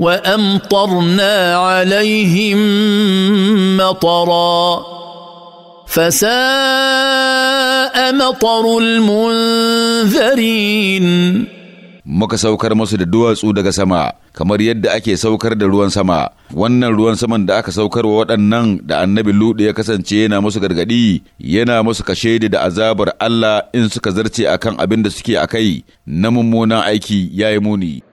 وامطرنا عليهم مطرا فساء مطر المنذرين muka saukar musu da duwatsu daga sama kamar yadda ake saukar da ruwan sama wannan ruwan saman da aka saukar wa waɗannan da annabi luɗu ya kasance yana musu gargaɗi yana musu kashe da azabar Allah in suka zarce akan abin da suke a kai, na mummunan aiki ya yi muni